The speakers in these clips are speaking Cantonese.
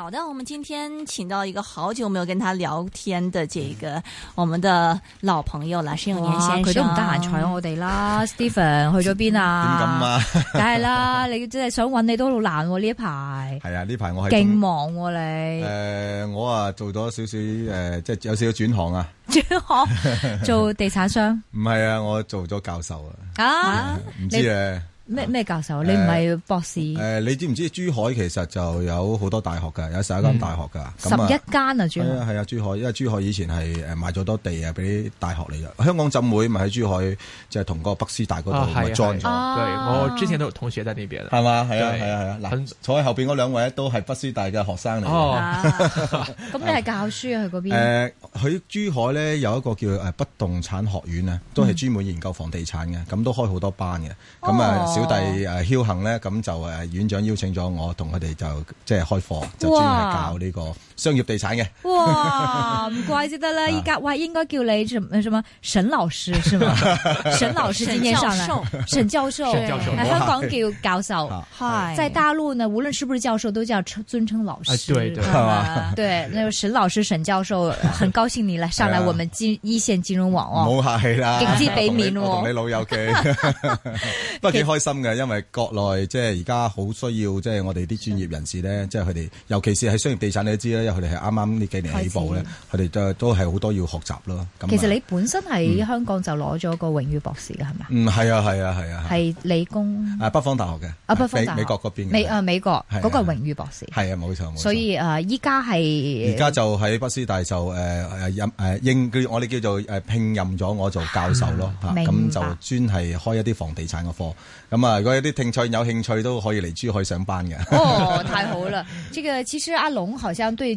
好的，我們今天請到一個好久沒有跟他聊天的這個我們的老朋友啦，哇沈永年先生佢都唔得閒睬我哋啦，Stephen 去咗邊啊？點咁啊？梗係啦，你真係想揾你都好難喎呢一排。係啊，呢排、啊、我係勁忙、啊、你。誒、呃，我啊做咗少少誒，即、呃、係有少少轉行啊。轉 行 做地產商？唔係啊，我做咗教授啊。啊 道？唔知啊。咩咩教授？你唔係博士？誒，你知唔知珠海其實就有好多大學㗎，有十一間大學㗎。十一間啊，最～係啊，係啊！珠海，因為珠海以前係誒賣咗多地啊，俾大學嚟㗎。香港浸會咪喺珠海，就係同個北師大嗰度裝咗。我之前都有同學喺呢邊啦。係嘛？係啊！係啊！係啊！嗱，坐喺後邊嗰兩位都係北師大嘅學生嚟。咁你係教書啊？喺嗰邊？喺珠海咧有一個叫誒不動產學院啊，都係專門研究房地產嘅，咁都開好多班嘅。咁啊～小弟誒僥倖咧，咁就誒院長邀請咗我，同佢哋就即係開課，就專係教呢個。商業地產嘅，哇唔怪得啦！依家喂，應該叫你什麼什麼沈老師是嘛？沈老師今天上來，沈教授，沈教授，香港叫教授，喺在大陸呢，無論是不是教授，都叫稱尊稱老師。對對，對，那個沈老師、沈教授，很高興你來上來我們金一線金融網哦，冇客氣啦，極之俾面哦，同你老友記，都幾開心嘅，因為國內即係而家好需要，即係我哋啲專業人士咧，即係佢哋，尤其是喺商業地產，你都知啦。佢哋係啱啱呢幾年起步咧，佢哋都都係好多要學習咯。其實你本身喺香港就攞咗個榮譽博士嘅係咪？嗯，係啊，係啊，係啊。係理工啊，北方大學嘅啊，北美美國嗰邊美啊，美國嗰個榮譽博士係啊，冇錯冇錯。所以誒，依家係而家就喺北師大就誒誒應我哋叫做誒聘任咗我做教授咯，咁就專係開一啲房地產嘅課。咁啊，如果有啲興趣有興趣都可以嚟珠海上班嘅。哦，太好啦！呢個其實阿龍好像對。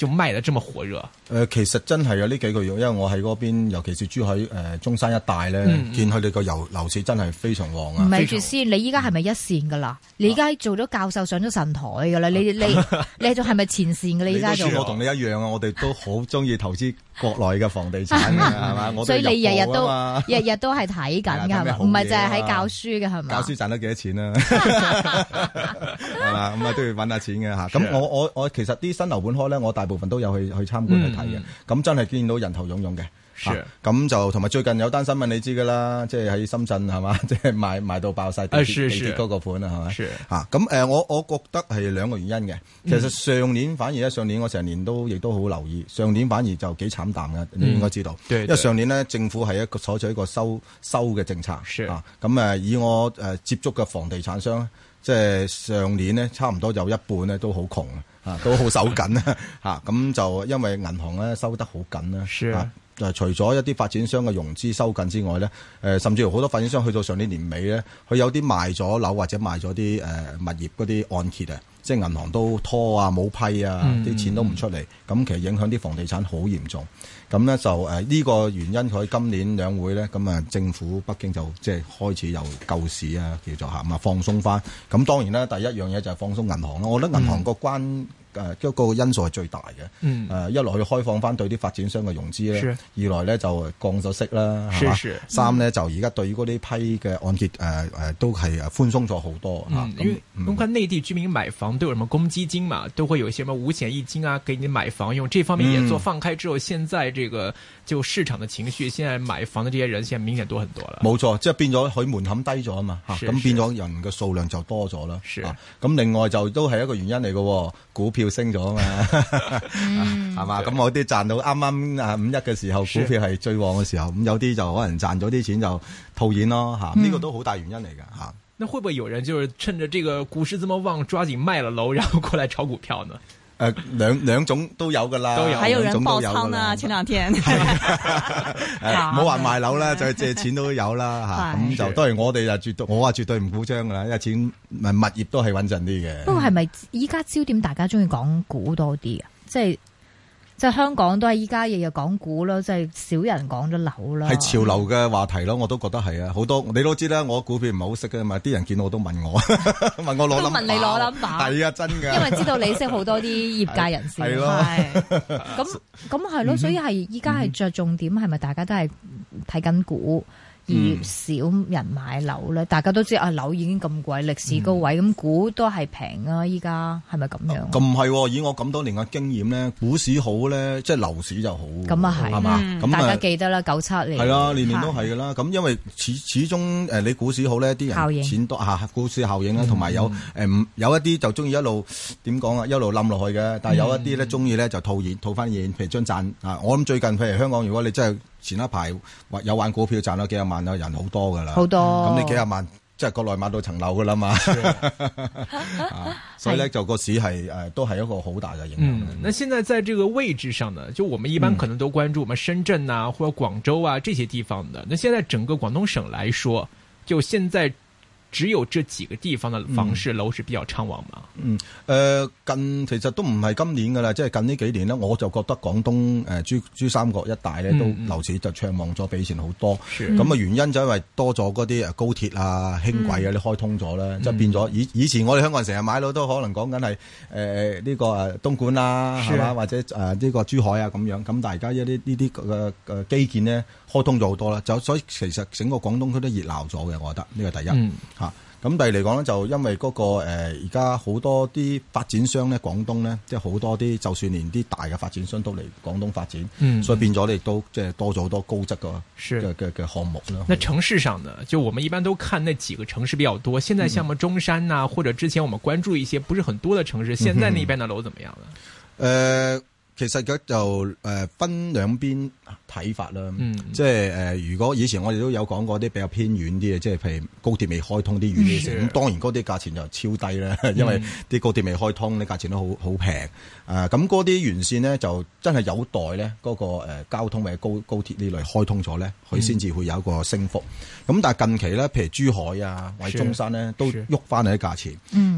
就賣得這麼火熱？誒，其實真係有呢幾個月，因為我喺嗰邊，尤其是珠海誒中山一帶咧，見佢哋個游樓市真係非常旺啊！唔係住先，你依家係咪一線噶啦？你而家做咗教授，上咗神台噶啦？你你你仲係咪前線噶？你依家仲我同你一樣啊！我哋都好中意投資國內嘅房地產係嘛？所以你日日都日日都係睇緊噶，係咪？唔係就係喺教書嘅係咪？教書賺得幾多錢啊？係嘛？咁啊都要搵下錢嘅吓。咁我我我其實啲新樓盤開咧，我大。部分都有去去參觀去睇嘅，咁真係見到人頭涌涌嘅，咁是、啊、就同埋最近有單新聞你知噶啦，即係喺深圳係嘛？即係賣賣到爆晒地地嗰個款啦，係咪？吓咁，誒，我我覺得係兩個原因嘅。其實上年反而咧，上年我成年都亦都好留意，上年反而就幾慘淡嘅，你應該知道。因為上年咧，政府係一個採取一個收收嘅政策，啊，咁、啊、誒，以我誒、呃、接觸嘅房地產商，即係上年咧，差唔多有一半咧都好窮。啊，都好收緊啦，嚇、 啊！咁就因為銀行咧收得好緊啦，是啊，啊！就除咗一啲發展商嘅融資收緊之外咧，誒、呃，甚至乎好多發展商去到上年年尾咧，佢有啲賣咗樓或者賣咗啲誒物業嗰啲按揭啊。即係銀行都拖啊，冇批啊，啲、嗯、錢都唔出嚟，咁其實影響啲房地產好嚴重。咁呢就誒呢、呃呢個原因，佢今年兩會呢，咁啊政府北京就即係開始有救市啊叫做嚇，咁啊放鬆翻。咁當然啦，第一樣嘢就係放鬆銀行咯。我覺得銀行個關。嗯誒，即、呃、個因素係最大嘅。誒、嗯呃，一來去開放翻對啲發展商嘅融資咧；是二來咧就降咗息啦。是是吧三咧就而家對於嗰啲批嘅按揭誒誒，都係誒寬鬆咗好多、嗯啊、因為咁，喺內地居民買房都有咩公積金嘛，都會有一些咩五險一金啊，給你買房用。這方面也做放開之後，嗯、現在這個。就市場嘅情緒，現在買房嘅這些人，現在明顯多很多了。冇錯，即係變咗佢門檻低咗啊嘛，咁是、啊、變咗人嘅數量就多咗啦。是，咁、啊、另外就都係一個原因嚟嘅，哦，股票升咗啊嘛，係 嘛、嗯，咁、啊對嗯、我啲賺到啱啱啊五一嘅時候，股票係最旺嘅時候，咁是有啲就可能賺咗啲錢就套現咯，吓、啊，呢、這個都好大原因嚟嘅吓。那會不會有人就是趁着這個股市這麼旺，抓緊賣了樓，然後過來炒股票呢？誒，兩兩種都有噶啦，都有，兩種都有啦。有啊，前兩天，冇話賣樓啦，就係 借錢都有啦吓。咁就當然我哋就，就絕對，我話絕對唔鼓張噶啦，因為錢係物業都係穩陣啲嘅。嗯、是不過係咪依家焦點大家中意講股多啲啊？即係。即係香港都係依家日日講股咯，即係少人講咗樓啦。係潮流嘅話題咯，我都覺得係啊！好多你都知啦，我股票唔係好識嘅嘛，啲人見到我都問我， 問我攞 number，都問你攞 number？係啊，真嘅。 因為知道你識好多啲業界人士。係咯。咁咁係咯，所以係依家係着重點係咪大家都係睇緊股？越少人買樓咧，大家都知啊，樓已經咁貴，歷史高位，咁股、嗯、都係平啊！依家係咪咁樣？咁唔係，以我咁多年嘅經驗咧，股市好咧，即係樓市就好、啊。咁啊係，係嘛？咁、嗯、大家記得啦，九七年係啦、啊，年年都係㗎啦。咁因為始始終誒、呃，你股市好呢，啲人錢多應啊，股市效應啦，同埋有誒、呃，有一啲就中意一路點講啊，一路冧落去嘅。但係有一啲咧，中意咧就套現套翻現，譬如張賺啊！我諗最近譬如香港，如果你真係前一排有玩股票賺咗幾十萬啊，人好多㗎喇，好多，咁你幾十萬即係國內買到層樓㗎喇嘛 、啊，所以咧就個市係誒都係一個好大嘅影響、嗯。那現在在這個位置上呢，就我們一般可能都關注我們深圳啊，或者廣州啊這些地方的。那現在整個廣東省來說，就現在。只有這幾個地方嘅房市樓市比較暢旺嘛？嗯，誒、呃，近其實都唔係今年噶啦，即係近呢幾年呢，我就覺得廣東誒、呃、珠珠三角一帶咧、嗯、都樓市就暢旺咗比以前好多。咁啊是原因，就因為多咗嗰啲誒高鐵啊、輕軌啊你開通咗啦，即係、嗯、變咗以以前我哋香港人成日買樓都可能講緊係誒呢個誒東莞啊，是或者誒呢、呃這個珠海啊咁樣，咁大家一啲呢啲誒誒基建呢，開通咗好多啦，就所以其實整個廣東區都熱鬧咗嘅，我覺得呢個第一。咁第二嚟講咧，就因為嗰、那個而家好多啲發展商咧，廣東咧，即係好多啲，就算連啲大嘅發展商都嚟廣東發展，嗯、哼所以變咗你亦都即係多咗好多高質嘅嘅嘅項目啦。所以可以那城市上呢，就我們一般都看那幾個城市比較多。現在像乜中山啊，嗯、哼或者之前我們關注一些不是很多嘅城市，現在呢一邊嘅樓怎麼樣呢？誒、嗯。呃其實佢就誒分兩邊睇法啦，嗯、即係誒如果以前我哋都有講過啲比較偏遠啲嘅，即係譬如高鐵未開通啲遠線，咁、嗯、當然嗰啲價錢就超低啦，因為啲高鐵未開通價，啲價錢都好好平啊。咁嗰啲遠線呢，就真係有待咧、那、嗰個誒交通或者高高鐵呢類開通咗咧，佢先至會有一個升幅。咁、嗯、但係近期咧，譬如珠海啊，或者中山咧是，都喐翻嚟啲價錢。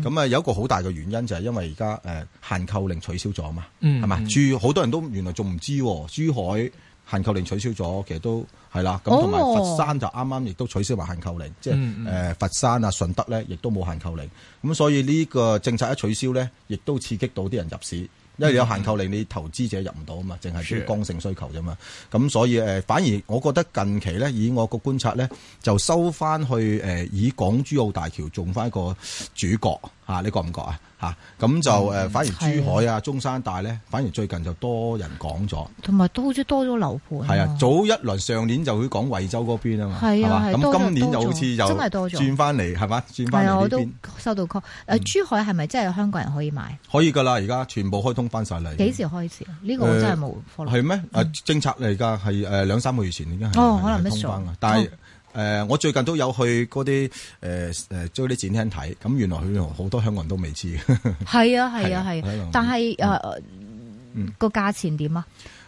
咁啊、嗯，有一個好大嘅原因就係、是、因為而家誒限購令取消咗啊嘛，係嘛、嗯，嗯好多人都原來仲唔知珠海限購令取消咗，其實都係啦。咁同埋佛山就啱啱亦都取消埋限購令，哦、即係誒、呃、佛山啊、順德咧，亦都冇限購令。咁所以呢個政策一取消咧，亦都刺激到啲人入市，嗯、因為有限購令，你投資者入唔到啊嘛，淨係啲剛性需求啫嘛。咁是所以誒、呃，反而我覺得近期咧，以我個觀察咧，就收翻去誒、呃，以港珠澳大橋做翻一個主角。吓、啊、你覺唔覺啊？吓、啊、咁就誒，嗯、反而珠海啊、中山大咧，反而最近就多人講咗，同埋都好似多咗樓盤。係啊，早一輪上年就會講惠州嗰邊啊嘛，係嘛、啊？咁吧今年就好似又轉翻嚟，係嘛？轉翻呢邊。係啊，我都收到 call、嗯。誒，珠海係咪真係有香港人可以買？可以噶啦，而家全部開通翻晒嚟。幾時開始？呢、這個我真係冇、呃。係咩？誒、啊，政策嚟噶，係誒兩三個月前已經係通翻啦。但係。哦誒，我最近都有去嗰啲誒誒，即係啲展廳睇，咁原來佢好多香港人都未知嘅。係啊，係啊，係。但係誒，個價錢點啊？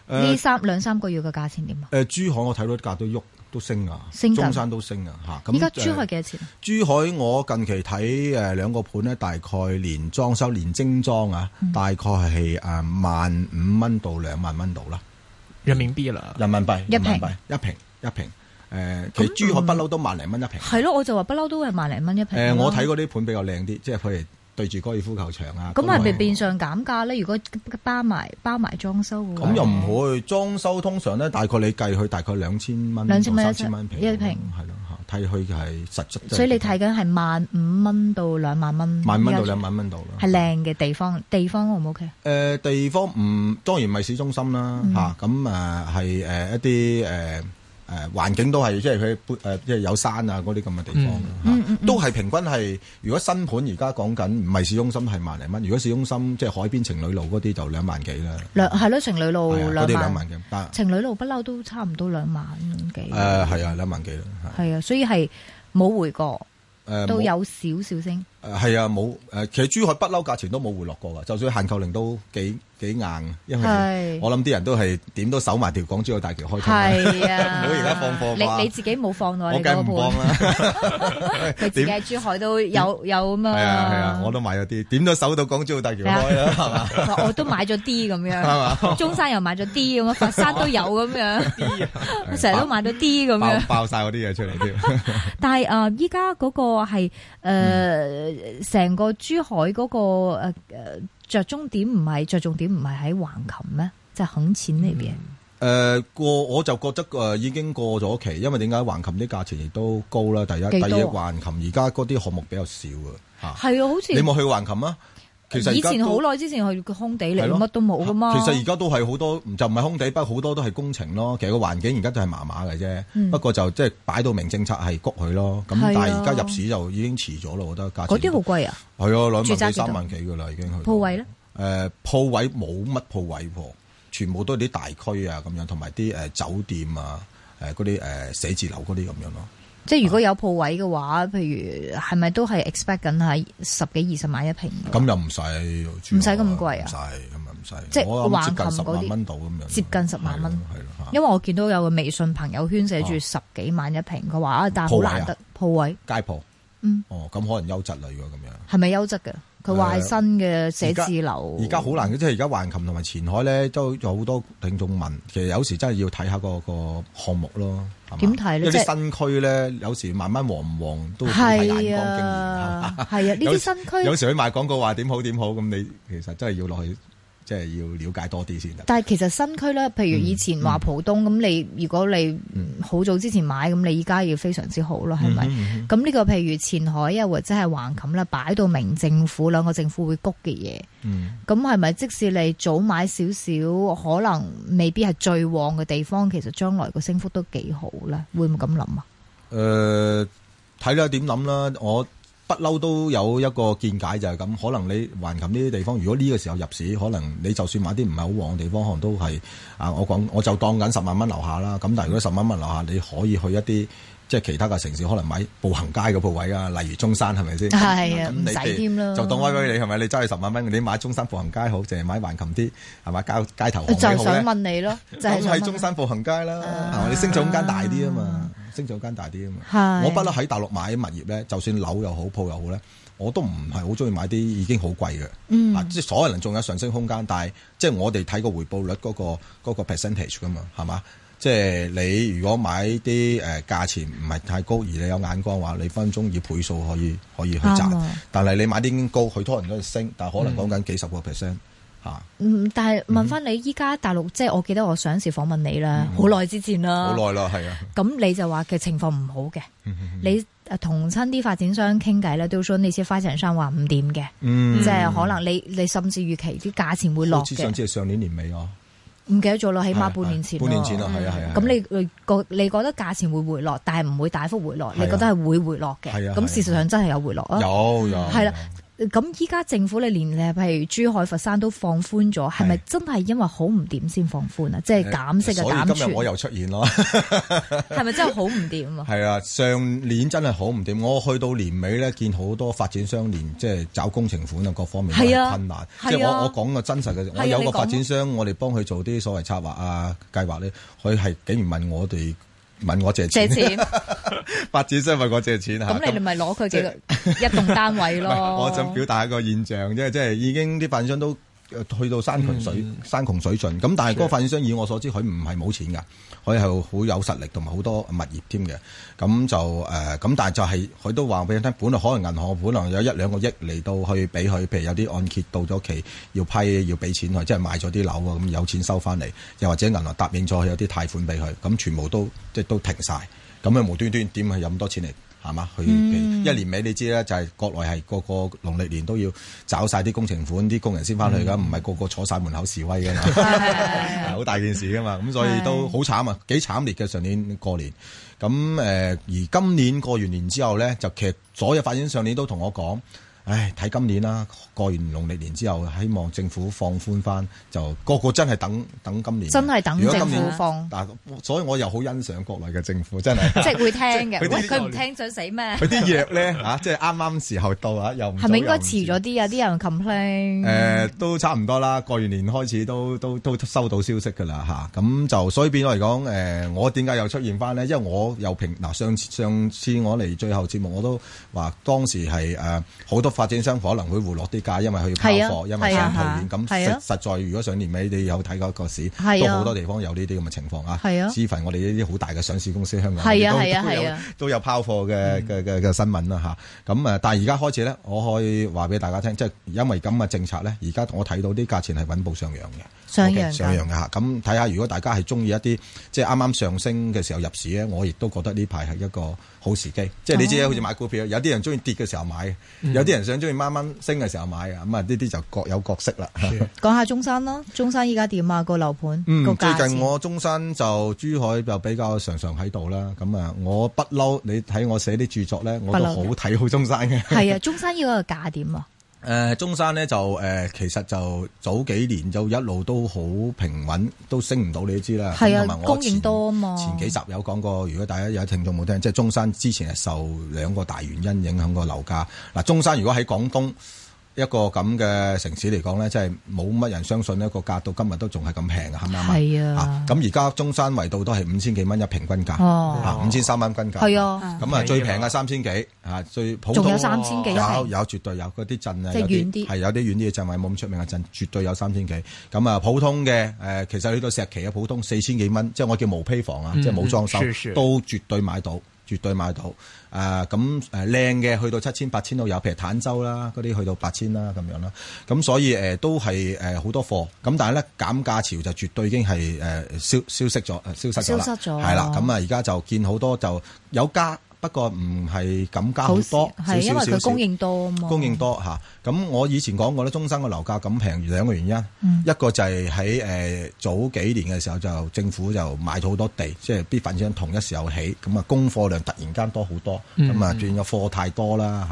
呢三兩三個月嘅價錢點啊？誒，珠海我睇到啲價都喐，都升啊。升。中山都升啊，吓。依家珠海幾多錢？珠海我近期睇誒兩個盤咧，大概連裝修連精裝啊，大概係誒萬五蚊到兩萬蚊度啦。人民幣啦。人民幣。一平一平一平。誒，其實珠海不嬲都萬零蚊一平，係咯，我就話不嬲都係萬零蚊一平。誒，我睇嗰啲盤比較靚啲，即係譬如對住高爾夫球場啊。咁係咪變相減價咧？如果包埋包埋裝修嘅？咁、嗯、又唔會，裝修通常咧，大概你計去大概兩千蚊，兩千蚊一千蚊一平，係咯吓，睇去係實質。所以你睇緊係萬五蚊到兩萬蚊。萬蚊到兩萬蚊度咯。係靚嘅地方，地方好唔 O K？誒，地方唔當然唔係市中心啦，吓咁誒係誒一啲誒。呃誒、呃、環境都係，即係佢誒，即係有山啊嗰啲咁嘅地方，嗯嗯嗯、都係平均係。如果新盤而家講緊唔係市中心係萬零蚊，如果市中心即係海邊情侶路嗰啲就兩萬幾啦。兩，係咯，情侶路啲的兩萬，兩萬幾但情侶路不嬲都差唔多兩萬幾。誒係啊，兩萬幾啦。係啊，所以係冇回過，呃、有都有少少升。係啊，冇誒，其實珠海不嬲價錢都冇回落過噶，就算限購令都幾幾硬，因為我諗啲人都係點都守埋條港珠澳大橋開。係啊，如果而家放貨，你你自己冇放內？我梗唔放啦。佢點？喺珠海都有有咁啊。係啊係啊，我都買咗啲，點都守到港珠澳大橋開啦。我都買咗啲咁樣，中山又買咗啲咁樣，佛山都有咁樣。成日都買咗啲咁樣，爆晒嗰啲嘢出嚟添。但係啊，依家嗰個係誒。成個珠海嗰、那個誒誒着重點唔係着重點唔係喺橫琴咩？就係、是、肯錢裏邊誒，過、嗯呃、我就覺得誒、呃、已經過咗期，因為點解橫琴啲價錢亦都高啦，第一、啊、第二橫琴而家嗰啲項目比較少啊，係啊，好似你冇去橫琴啊？其實以前好耐之前去個空地嚟，乜了都冇噶嘛。其實而家都係好多，就唔係空地，不過好多都係工程咯。其實個環境而家都係麻麻嘅啫。嗯、不過就即係、就是、擺到明政策係谷佢咯。咁、嗯、但係而家入市就已經遲咗咯，我覺得價錢。嗰啲好貴啊！係啊，兩萬幾三萬幾噶啦，已經去。鋪位咧？誒，鋪位冇乜鋪位喎，全部都係啲大區啊咁樣，同埋啲誒酒店啊、誒嗰啲誒寫字樓嗰啲咁樣咯。即係如果有鋪位嘅話，譬如係咪都係 expect 緊係十幾二十萬一平？咁又唔使，唔使咁貴啊！唔使咁咪唔使。即係我話接近十萬蚊到咁樣。接近十萬蚊。係咯，因為我見到有個微信朋友圈寫住十幾萬一平，佢話、啊、但係好難得鋪位、啊。鋪街鋪。嗯。哦，咁可能優質啦，如果咁樣。係咪優質嘅？佢話新嘅寫字樓，而家好難嘅，即係而家橫琴同埋前海咧，都有好多聽眾問。其實有時真係要睇下個個項目咯，點睇呢？即係新區咧，即有時慢慢旺唔旺都睇眼光經驗。係啊，呢啲吧、啊、新區有時,有時去賣廣告話點好點好，咁你其實真係要落去。即係要了解多啲先得。但係其實新區咧，譬如以前話浦東咁，你、嗯嗯、如果你好早之前買，咁、嗯、你依家要非常之好咯，係咪？咁呢、嗯嗯、個譬如前海啊，或者係橫琴啦，嗯、擺到明政府兩個政府會谷嘅嘢。咁係咪即使你早買少少，可能未必係最旺嘅地方，其實將來個升幅都幾好咧？會唔會咁諗啊？誒、嗯，睇啦點諗啦，我。不嬲都有一個見解就係、是、咁，可能你橫琴呢啲地方，如果呢個時候入市，可能你就算買啲唔係好旺嘅地方，可能都係啊！我講我就當緊十萬蚊樓下啦。咁但係如果十萬蚊樓下，你可以去一啲即係其他嘅城市，可能買步行街嘅鋪位啊，例如中山係咪先？係啊，唔使添啦。就當威威你係咪？你揸住十萬蚊，你買中山步行街好，定係買橫琴啲係咪？街街頭巷就想問你咯，就係、是、 中山步行街啦，你升咗空間大啲啊嘛。啊啊升咗間大啲啊嘛，是我不嬲喺大陸買物業咧，就算樓又好，鋪又好咧，我都唔係好中意買啲已經好貴嘅，啊、嗯，即係所有人仲有上升空間，但係即係我哋睇個回報率嗰、嗰個嗰個 percentage 㗎嘛，係嘛？即係你如果買啲誒、呃、價錢唔係太高，而你有眼光嘅話，你分分鐘以倍數可以可以去賺，嗯、但係你買啲已經高，許多人都升，但係可能講緊幾十個 percent。嗯。嗯，但係問翻你依家大陸，即係我記得我上一次訪問你啦，好耐之前啦，好耐啦，係啊。咁你就話嘅情況唔好嘅，你同親啲發展商傾偈咧，都想呢些發展商話唔掂嘅，即係可能你你甚至預期啲價錢會落嘅。事實上，上年年尾啊。唔記得咗咯，起碼半年前。半年前咯，係啊係啊。咁你你覺你覺得價錢會回落，但係唔會大幅回落，你覺得係會回落嘅？係啊。咁事實上真係有回落啊，有有係啦。咁依家政府咧，連例如珠海、佛山都放寬咗，係咪是真係因為好唔掂先放寬啊？即係減息嘅減存。所以今日我又出現咯，係 咪真係好唔掂？係啊，上年真係好唔掂。我去到年尾咧，見好多發展商連即係、就是、找工程款啊，各方面啊，困難。啊、即係我、啊、我講嘅真實嘅，我有個發展商，啊、我哋幫佢做啲所謂策劃啊、計劃咧，佢係竟然問我哋。問我借錢，借錢發展 商問我借錢吓，咁你哋咪攞佢嘅一棟單位咯。 我想表達一個現象，即係即係已經啲發展商都去到山窮水、嗯、山窮水盡，咁但係嗰個發展商以我所知佢唔係冇錢噶。佢係好有實力同埋好多物業添嘅，咁就誒，咁但係就係佢都話俾你聽，本來可能銀行本來有一兩個億嚟到去俾佢，譬如有啲按揭到咗期要批要俾錢佢，即係賣咗啲樓啊，咁有錢收翻嚟，又或者銀行答應咗佢有啲貸款俾佢，咁全部都即係都停晒。咁啊無端端點去有咁多錢嚟？係嘛？佢、嗯、一年尾你知咧，就係、是、國內係個個農曆年都要找晒啲工程款，啲工人先翻去㗎，唔係個個坐晒門口示威㗎嘛。好是 大件事㗎嘛。咁所以都好慘啊，幾是慘烈嘅上年過年。咁誒，而今年過完年之後咧，就其實佐日發展，上年，年，年，年，年都同我講。唉，睇今年啦，過完農曆年之後，希望政府放寬翻，就個個真係等等今年。真係等政府放、啊。但、啊、所以我又好欣賞國內嘅政府， 真係。即係會聽嘅，佢唔聽想死咩？佢啲藥咧嚇，即係啱啱時候到啊，又係咪應該遲咗啲啊？啲人 complain。誒、呃，都差唔多啦，過完年開始都都都收到消息㗎啦嚇，咁、啊、就所以變咗嚟講，誒，我點解又出現翻呢？因為我又平嗱，上次上次我嚟最後節目我都話當時係誒好多。發展商可能會回落啲價，因為佢要拋貨，因為上套現。咁實實在，如果上年尾你有睇過一個市，都好多地方有呢啲咁嘅情況啊。之凡我哋呢啲好大嘅上市公司，香港都有都有拋貨嘅嘅嘅嘅新聞啦嚇。咁啊，但係而家開始咧，我可以話俾大家聽，即係因為咁嘅政策咧，而家我睇到啲價錢係穩步上揚嘅，上揚嘅嚇。咁睇下，如果大家係中意一啲即係啱啱上升嘅時候入市咧，我亦都覺得呢排係一個好時機。即係你知啊，好似買股票，有啲人中意跌嘅時候買，有啲人。想中意慢慢升嘅時候買啊，咁啊呢啲就各有各色啦。講下中山咯，中山依家點啊個樓盤？嗯，最近我中山就珠海就比較常常喺度啦。咁啊，我不嬲，你睇我寫啲著作咧，我都好睇好中山嘅。係啊，中山依個價點啊？誒、呃，中山咧就誒，其實就早幾年就一路都好平穩，都升唔到你，你都知啦。係啊，供應多啊嘛。前幾集有講過，如果大家有聽眾冇聽，即係中山之前係受兩個大原因影響個樓價。嗱，中山如果喺廣東一個咁嘅城市嚟講咧，真係冇乜人相信呢個價到今日都仲係咁平啊，係咪啊？係啊，咁而家中山圍度都係五千幾蚊一平均價，啊五千三蚊均價，係啊。咁啊最平嘅三千幾，啊最普通仲有三千幾，有有絕對有嗰啲鎮啊，即係遠啲，係有啲遠啲嘅鎮位冇咁出名嘅鎮，絕對有三千幾。咁啊普通嘅誒，其實去到石岐嘅普通四千幾蚊，即係我叫毛坯房啊，嗯、即係是冇裝修，都絕對買到。絕對買到啊！咁、呃、誒、呃、靚嘅去到七千八千都有，譬如坦洲啦，嗰啲去到八千啦咁樣啦。咁所以誒、呃、都係誒好多貨咁，但係咧減價潮就絕對已經係誒、呃、消消失咗，消失咗啦，係啦。咁啊，而家、呃、就見好多就有加。不過唔係咁加好多，因為佢供應多啊嘛。供應多吓。咁我以前講過咧，中山個樓價咁平，兩個原因，一個就係喺誒早幾年嘅時候就政府就買咗好多地，即係啲發展商同一時候起，咁啊供貨量突然間多好多，咁啊轉咗貨太多啦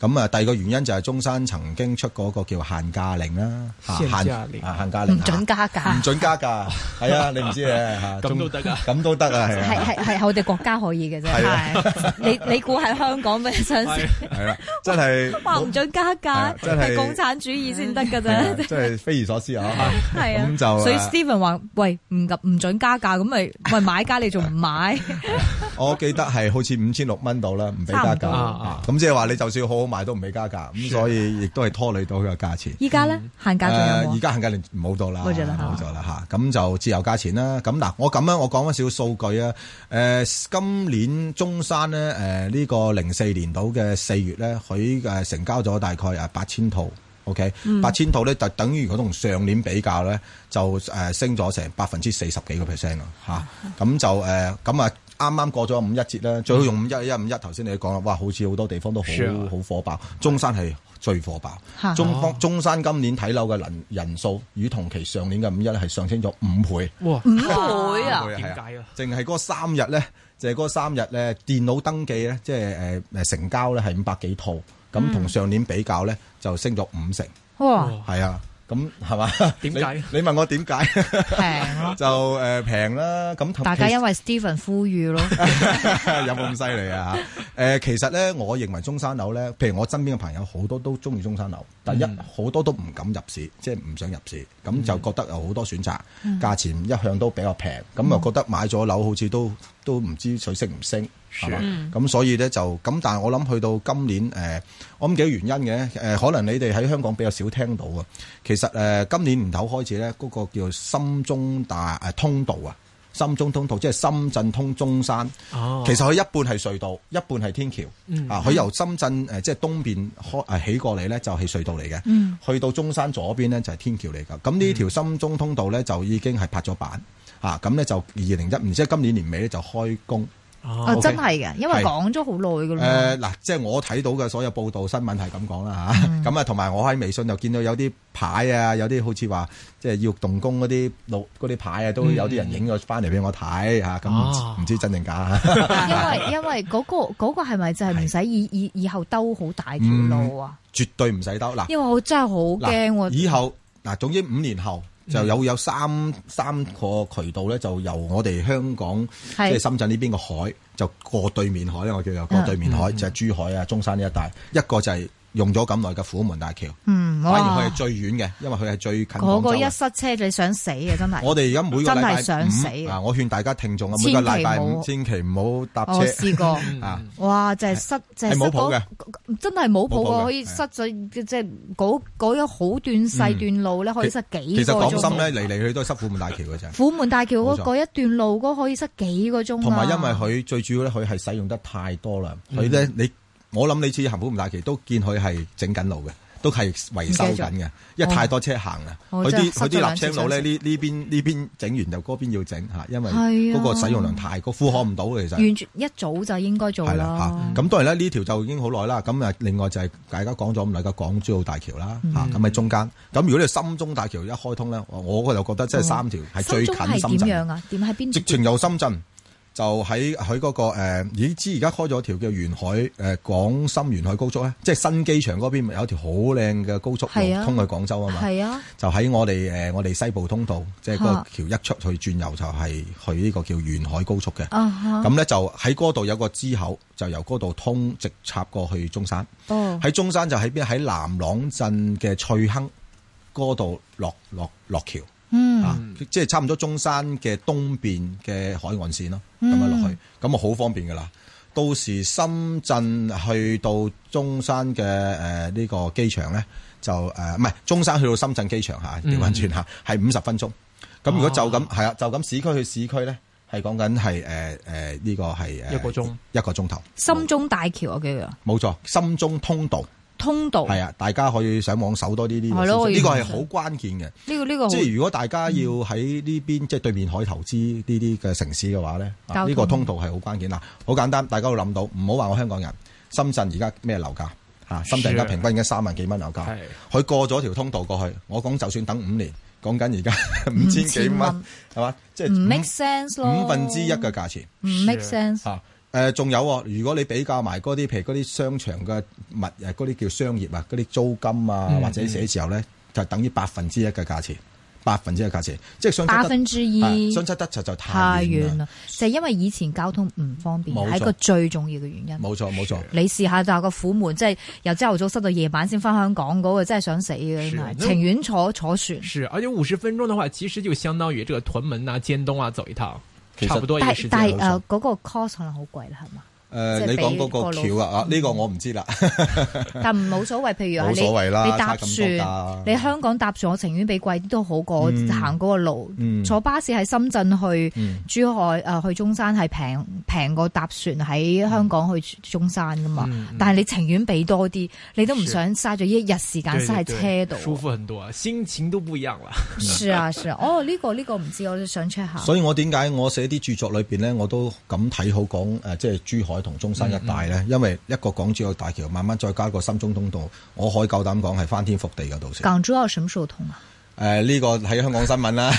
吓。咁啊第二個原因就係中山曾經出嗰個叫限價令啦，限價令，限價令，唔準加價，唔準加價，係啊，你唔知啊，吓。咁都得噶？咁都得啊？係係係，我哋國家可以嘅啫。 你你估係香港咩？想食？係啦，真係話唔准加價，真係 共產主義先得噶啫。即係匪夷所思啊！係啊，咁就所以 Steven 話喂，唔唔准加價，咁咪喂買家你仲唔買？ 我記得係好似五千六蚊度啦，唔俾加價咁，啊啊、即係話你就算好好賣都唔俾加價咁，的所以亦都係拖累到佢個價錢。依家咧限價點樣？誒、呃，依家限價令冇到啦，冇咗啦嚇。咁、啊啊、就自由價錢啦。咁嗱，我咁樣我講翻少少數據啊。誒、呃，今年中山咧，誒、呃、呢、呢個零四年度嘅四月咧，佢誒成交咗大概啊八千套。O K，八千套咧就等於我同上年比較咧，就誒升咗成百分之四十幾個 percent 啊。嚇，咁、呃、就誒咁啊。呃啱啱過咗五一節咧，最好用五一，1, 一五一頭先你講啦，哇，好似好多地方都好好 Sure. 火爆，中山係最火爆，Oh. 中方中山今年睇樓嘅人人數與同期上年嘅五一咧係上升咗五倍，哇 Wow. 倍，五倍，倍啊，點解啊？淨係嗰三日咧，淨係嗰三日咧，電腦登記咧，即係誒誒成交咧係五百幾套，咁同、mm. 上年比較咧就升咗五成，哇，係啊！咁係嘛？點解？你問我點解平咯？就誒平啦。咁大家因為 Stephen 呼籲咯，有冇咁犀利啊？誒，其實咧，我認為中山樓咧，譬如我身邊嘅朋友好多都中意中山樓，但係一好多都唔敢入市，即係唔想入市。咁就覺得有好多選擇，價錢一向都比較平。咁啊，覺得買咗樓好似都都唔知水升唔升，咁吧、嗯嗯、所以咧就咁。但係我諗去到今年誒、呃，我諗幾個原因嘅誒、呃，可能你哋喺香港比較少聽到啊。其實誒、呃，今年年頭開始咧，嗰、那個叫做深中大誒、啊、通道啊。深中通道即係深圳通中山，oh. 其實佢一半係隧道，一半係天橋、mm hmm. 啊。啊，佢由深圳誒，即係東面開誒起過嚟咧，就係隧道嚟嘅。Mm hmm. 去到中山左邊咧，就係天橋嚟㗎。咁呢條深中通道咧，就已經係拍咗板，啊咁咧就二零一，即係今年年尾咧就開工。哦，啊、真係嘅，是因為講咗好耐噶啦。誒，嗱，即係我睇到嘅所有報道新聞係咁講啦吓，咁啊、嗯，同埋我喺微信又見到有啲牌啊，有啲好似話即係要動工嗰啲路啲牌啊，都有啲人影咗翻嚟俾我睇吓，咁唔、嗯啊、知真定假、啊。 因為因為嗰個嗰、那個係咪就係唔使以以是以後兜好大條路啊？嗯、絕對唔使兜嗱。因為我真係好驚我。以後嗱，總之五年後。就有有三三個渠道呢，就由我哋香港是即係深圳呢邊個海，就過對面海咧，我叫做過對面海，就係珠海啊、中山呢一帶，一個就係。用咗咁耐嘅虎門大橋，嗯，反而佢係最遠嘅，因為佢係最近。嗰個一塞車你想死嘅真係。我哋而家每個禮拜五，真係想死啊，我勸大家聽眾啊，每個禮拜五千祈唔好搭車。我試過啊，哇，就係塞，冇係嘅。真係冇譜嘅，可以塞咗，即係嗰嗰好短細段路咧，可以塞幾，其實講心咧，嚟嚟去都係塞虎門大橋嘅啫。虎門大橋嗰一段路嗰可以塞幾個鐘。同埋因為佢最主要咧，佢係使用得太多啦，佢咧你。我諗呢次行寶門大橋都見佢係整緊路嘅，都係維修緊嘅，因為太多車行啦。佢啲佢啲瀝青路咧，呢呢邊呢邊整完就嗰邊要整吓，因為嗰個使用量太過，個負荷唔到其實。完全一早就應該做啦。係啦，咁當然咧，呢條就已經好耐啦。咁啊，另外就係大家講咗咁耐個港珠澳大橋啦吓，咁喺中間。咁如果你個深中大橋一開通咧，我我就覺得即係三條係最近深圳係點樣啊？點喺邊？直情由深圳。就喺喺嗰個誒，已、呃、知而家開咗條叫沿海誒廣、呃、深沿海高速咧，即係新機場嗰邊咪有條好靚嘅高速路通去廣州啊嘛？係啊，啊就喺我哋誒、呃、我哋西部通道，即係個橋一出去轉右就係、是、去呢個叫沿海高速嘅。啊咁咧就喺嗰度有個支口，就由嗰度通直插過去中山。哦，喺中山就喺邊？喺南朗鎮嘅翠亨嗰度落落落橋。落嗯，啊，即係差唔多中山嘅東邊嘅海岸線咯，咁、嗯、樣落去，咁啊好方便噶啦。到時深圳去到中山嘅誒、呃這個、呢個機場咧，就誒唔係中山去到深圳機場吓調翻轉吓，係五十分鐘。咁、嗯、如果就咁係啊，就咁市區去市區咧，係講緊係誒誒呢個係、呃、一個鐘一個鐘頭。深中大橋我記得，冇錯錯，深中通道。通道係啊，大家可以上網搜多啲呢個，呢個係好關鍵嘅。呢個呢個即係如果大家要喺呢邊即係對面海投資呢啲嘅城市嘅話咧，呢個通道係好關鍵嗱。好簡單，大家都諗到，唔好話我香港人，深圳而家咩樓價嚇？深圳而家平均已經三萬幾蚊樓價，佢過咗條通道過去，我講就算等五年，講緊而家五千幾蚊係嘛？即係五分之一嘅價錢，唔 make sense。誒，仲、呃、有啊！如果你比較埋嗰啲，譬如嗰啲商場嘅物，誒，嗰啲叫商業啊，嗰啲租金啊，嗯、或者寫字樓咧，就等於百分之一嘅價錢，百分之一嘅價錢，即係相差八分之一，相差得就就太遠啦。就是、因為以前交通唔方便係一個最重要嘅原因。冇錯冇錯，你試下就個虎門，即係由朝頭早塞到夜晚先翻香港嗰個，真係想死嘅，真係情願坐坐船。是，而且五十分鐘嘅話，其實就相當於這個屯門啊、尖東啊走一趟。差不多但，但係但係誒個 cost 可能好貴啦，係嘛？誒，你講嗰個橋啊？啊，呢個我唔知啦。但唔冇所謂，譬如你搭船，你香港搭船，我情願俾貴啲都好過行嗰個路。坐巴士喺深圳去珠海誒，去中山係平平過搭船喺香港去中山噶嘛？但係你情願俾多啲，你都唔想嘥咗一日時間，嘥喺車度。舒服很多，啊，心情都不一樣啦。是啊，是啊。哦，呢個呢個唔知，我都想 check 下。所以我點解我寫啲著作裏邊咧，我都咁睇好講誒，即係珠海。同中山一帶咧，因為一個港珠澳大橋慢慢再加一個深中通道，我可以夠膽講係翻天覆地嘅都市。港珠澳什麼時候通啊？誒、呃，呢、這個喺香港新聞啦。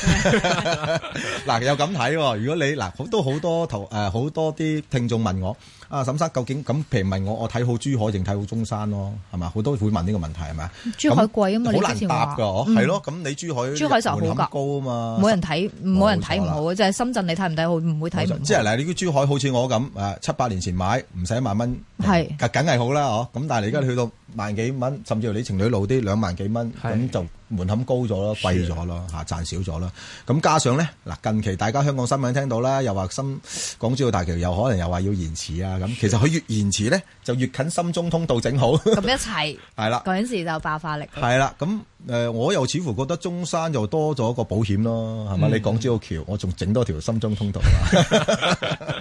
嗱， 有咁睇、喔，如果你嗱，好都好多頭誒，好多啲聽眾問我。啊，沈生，究竟咁譬如問我，我睇好珠海定睇好中山咯？係咪？好多會問呢個問題係咪？珠海貴啊嘛，好難答㗎哦。係咯，咁你珠海珠海就門檻高啊嘛，冇人睇，冇人睇唔好嘅，就係深圳你睇唔睇好？唔會睇唔好。即係嗱，你啲珠海好似我咁誒，七八年前買唔使一萬蚊，係，梗係好啦哦。咁但係你而家去到萬幾蚊，甚至乎你情侶路啲兩萬幾蚊，咁就門檻高咗啦，貴咗啦，嚇賺少咗啦。咁加上咧，嗱近期大家香港新聞聽到啦，又話深港珠澳大橋又可能又話要延遲啊。咁，其實佢越延遲咧，就越近深中通道整好。咁一齊，係啦，嗰陣時就爆發力。係啦，咁誒，我又似乎覺得中山又多咗一個保險咯，係咪，嗯？你港珠澳橋，我仲整多條深中通道。嗯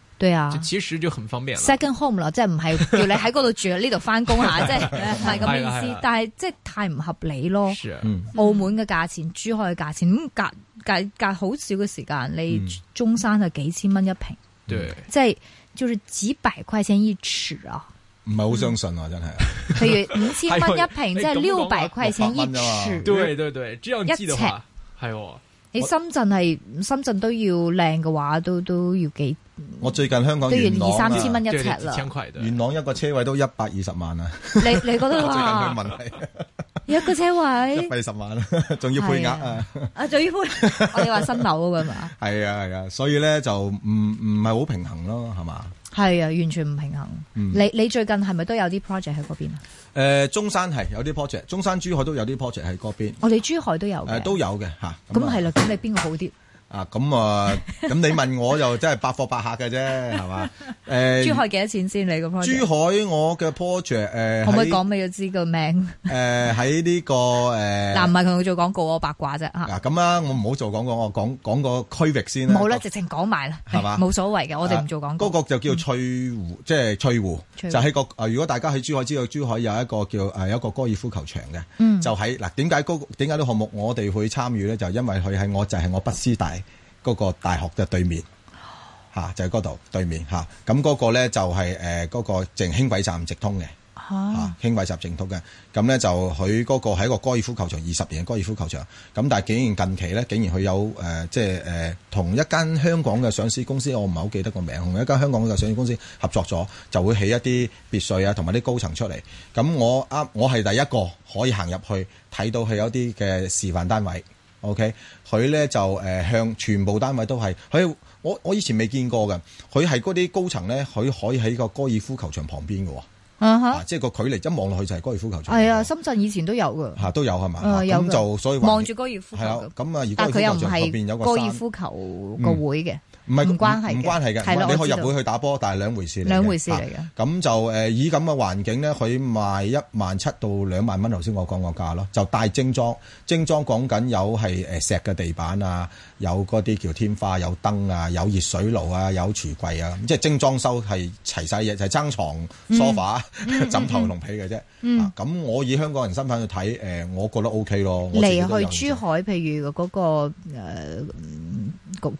對啊，其實就很方便。second home 即係唔係叫你喺嗰度住，呢度翻工吓，即係係咁意思。但係即係太唔合理咯。澳門嘅價錢，珠海嘅價錢，咁隔隔隔好少嘅時間，你中山係幾千蚊一平，即係叫做幾百塊錢一尺啊。唔係好相信啊，真係。譬如五千蚊一平，即係六百塊錢一尺。對對對，只有一尺。道啊。係，你深圳係深圳都要靚嘅話，都都要幾？我最近香港都二三千蚊一尺啦，元朗一個車位都一百二十萬啊！你你覺得話一個車位？一百二十萬啦，仲要配額啊！啊，仲要配？我哋話新樓嘅嘛？係啊係啊，所以咧就唔唔係好平衡咯，係嘛？係啊，完全唔平衡。你你最近係咪都有啲 project 喺嗰邊啊？誒，中山係有啲 project，中山、珠海都有啲 project 喺嗰邊。我哋珠海都有誒，都有嘅吓。咁係啦，咁你邊個好啲？啊咁啊，咁你問我就真係百貨百客嘅啫，係嘛？誒，珠海幾多錢先？你個 project？珠海我嘅 project 誒，可唔可以講俾佢知個名？誒，喺呢個誒，嗱，唔係同佢做廣告我八卦啫，嗱，咁啊，我唔好做廣告，我講講個區域先啦。好啦，直情講埋啦，係嘛？冇所謂嘅，我哋唔做廣告。嗰個就叫翠湖，即係翠湖，就喺個誒如果大家喺珠海知道，珠海有一個叫誒一個高爾夫球場嘅，就喺。嗱點解點解啲項目我哋會參與咧？就因為佢係我就係我北師大。嗰個大學嘅對面，嚇就喺嗰度對面嚇。咁、那、嗰個咧就係誒嗰個淨輕軌站直通嘅，嚇、啊啊、輕軌站直通嘅。咁呢，就佢嗰個係一個高爾夫球場，二十年嘅高爾夫球場。咁但係竟然近期呢，竟然佢有誒即係誒同一間香港嘅上市公司，我唔係好記得個名，同一間香港嘅上市公司合作咗，就會起一啲別墅啊，同埋啲高層出嚟。咁我啱我係第一個可以行入去睇到佢有啲嘅示範單位。OK，佢咧就誒、呃、向全部單位都係佢，我我以前未見過嘅，佢係嗰啲高層咧，佢可以喺個高爾夫球場旁邊嘅喎、uh huh. 啊，即係個距離一望落去就係高爾夫球場。係、uh huh. 啊，深圳以前都有嘅，嚇、啊、都有係嘛？咁、uh, 啊、就的所以話望住高爾夫。係啊，咁啊，但係佢又唔係高爾夫球、啊、高爾夫球個會嘅。嗯。唔係，唔關係，唔關係嘅。的你可以入會去打波，但係兩回事嚟嘅。兩回事嚟嘅、啊。咁就誒、呃，以咁嘅環境咧，佢賣一萬七到兩萬蚊。頭先我講個價咯，就帶精裝，精裝講緊有係誒石嘅地板啊，有嗰啲叫天花，有燈啊，有熱水爐啊，有櫥櫃啊，即係精裝修係齊晒嘢，就爭、是、床、梳化、嗯、 枕頭、龍被嘅啫。咁、嗯啊、我以香港人身份去睇，誒、呃，我覺得 O、OK、K 咯。嚟、嗯、去珠海，譬如嗰、那個誒，拱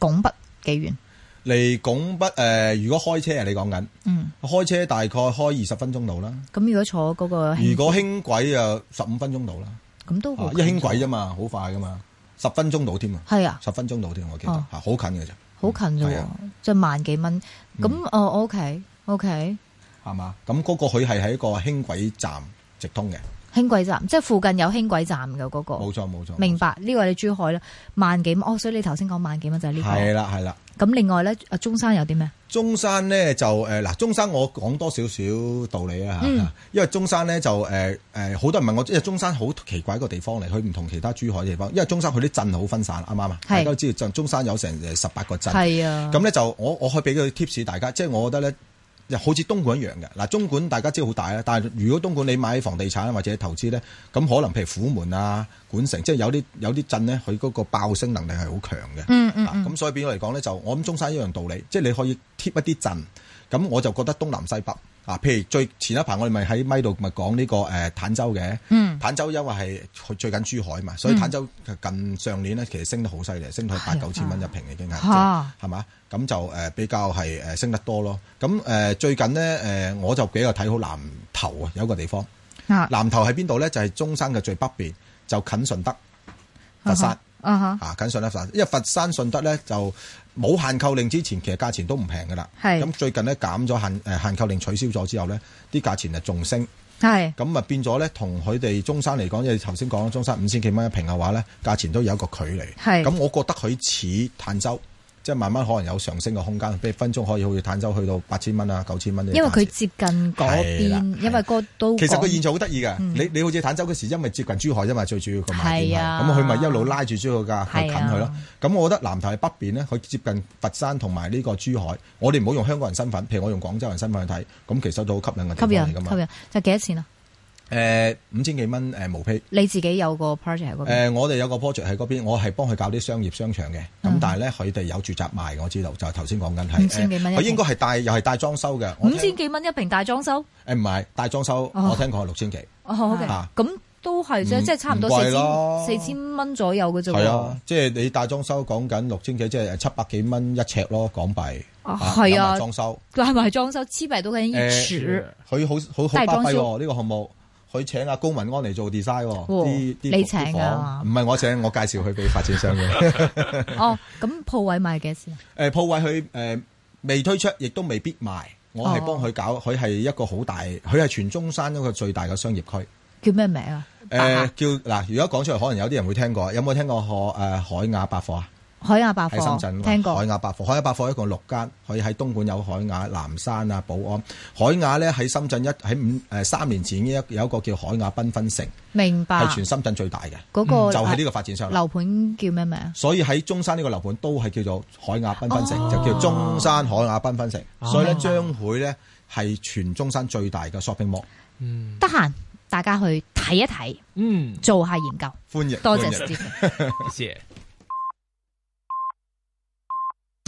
拱北。那個嗯幾遠嚟拱北？誒、呃，如果開車啊，你講緊，嗯，開車大概開二十分鐘到啦。咁、嗯、如果坐嗰個，如果輕軌啊，十五分鐘到啦。咁都一輕軌啫嘛，好快噶嘛，十分鐘到添啊。係啊，十分鐘到添，我記得吓，好、哦啊、近嘅啫。好近啫，即係萬幾蚊。咁哦，O K，O K，係嘛？咁、okay, 嗰、okay、個佢係喺一個輕軌站直通嘅。輕軌站，即係附近有輕軌站嘅嗰個。冇錯冇錯，明白呢個係你珠海咧萬幾蚊哦，所以你頭先講萬幾蚊就係呢個。係啦係啦。咁另外咧，啊中山有啲咩？中山咧就誒嗱，中山我講多少少道理啊吓，嗯，因為中山咧就誒誒，好多人問我，即係中山好奇怪一個地方嚟，佢唔同其他珠海嘅地方，因為中山佢啲鎮好分散，啱啱啊？係。大家知道，中山有成十八個鎮。係啊。咁咧就我我可以俾佢提示大家，即係我覺得咧。又好似東莞一樣嘅，嗱，東莞大家知好大啦。但係如果東莞你買房地產或者投資咧，咁可能譬如虎門啊、莞城，即係有啲有啲鎮咧，佢嗰個爆升能力係好強嘅。嗯嗯。咁所以變咗嚟講咧，就我諗中山一樣道理，即係你可以貼一啲鎮，咁我就覺得東南西北。啊，譬如最前一排我哋咪喺咪度咪講呢個誒，坦洲嘅，坦洲因為係最近珠海嘛，所以坦洲近上年咧其實升得好犀利，升到八九千蚊一平已經係，係嘛？咁就誒比較係誒升得多咯。咁誒最近咧誒我就比較睇好南頭啊，有一個地方。南頭喺邊度咧？就係中山嘅最北邊，就近順德、佛山啊嚇。啊，近順德佛山啊，近順德佛山，因為佛山順德咧就。冇限購令之前，其實價錢都唔平㗎啦。係咁是最近咧減咗限誒限購令取消咗之後咧，啲價錢就仲升。係咁啊變咗咧，同佢哋中山嚟講，你頭先講中山五千幾蚊一平嘅話咧，價錢都有一個距離。係咁是，我覺得佢似坦洲。即係慢慢可能有上升嘅空間，譬如分鐘可以去坦洲去到八千蚊啊、九千蚊呢？因為佢接近嗰邊，因為嗰都其實佢現在好得意嘅，你你好似坦洲嗰時，因為接近珠海，因為最主要佢買點，咁佢咪一路拉住咗個價去近佢咯。咁的我覺得南頭喺北邊呢，佢接近佛山同埋呢個珠海，我哋唔好用香港人身份，譬如我用廣州人身份去睇，咁其實都好吸引嘅地方嚟㗎嘛。吸引人，吸引，就幾多錢啊？誒，五千幾蚊誒，毛坯。你自己有個 project？喺嗰邊誒，我哋有個 project 喺嗰邊，我係幫佢搞啲商業商場嘅。咁但係咧，佢哋有住宅賣，我知道。就係頭先講緊係五千幾蚊。佢應該係帶，又係帶裝修嘅。五千幾蚊一平帶裝修？誒，唔係帶裝修，我聽講係六千幾。咁都係啫，即係差唔多四千四千蚊左右嘅啫。係啊，即係你帶裝修講緊六千幾，即係七百幾蚊一尺咯，港幣。係啊，帶裝修，帶埋裝修，七百多蚊一尺。佢好好好巴閉喎，呢個項目。佢請阿高文安嚟做 design、哦、你請㗎、啊、嘛？唔係我請，我介紹佢俾發展商嘅。 哦，咁鋪位賣幾多錢啊？誒鋪、呃、位佢誒、呃、未推出，亦都未必賣。我係幫佢搞，佢係、哦、一個好大，佢係全中山一個最大嘅商業區、呃。叫咩名啊？誒叫嗱，如果講出嚟，可能有啲人會聽過。有冇聽過、呃、海誒海雅百貨啊？海雅百貨喺深圳，聽過海雅百貨。海雅百貨一共六間，可以喺東莞有海雅、南山啊、寶安。海雅咧喺深圳一喺五誒三年前，一有一個叫海雅繽紛城，明白，係全深圳最大嘅。嗰個就係呢個發展商。樓盤叫咩名啊？所以喺中山呢個樓盤都係叫做海雅繽紛城，就叫中山海雅繽紛城。所以咧，將會咧係全中山最大嘅 shopping mall。得閒大家去睇一睇，嗯，做下研究。歡迎，多謝 s t 謝謝。